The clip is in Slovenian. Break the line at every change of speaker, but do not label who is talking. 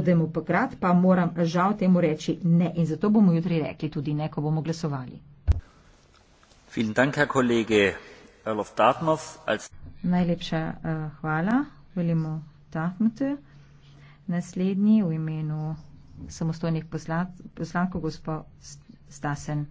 tako demokrat, pa moram žal temu reči ne. In zato bomo jutri rekli tudi ne, ko bomo glasovali. Najlepša uh, hvala, Velimo Tahmete. Naslednji v imenu samostojnih poslankov, gospod Stasen.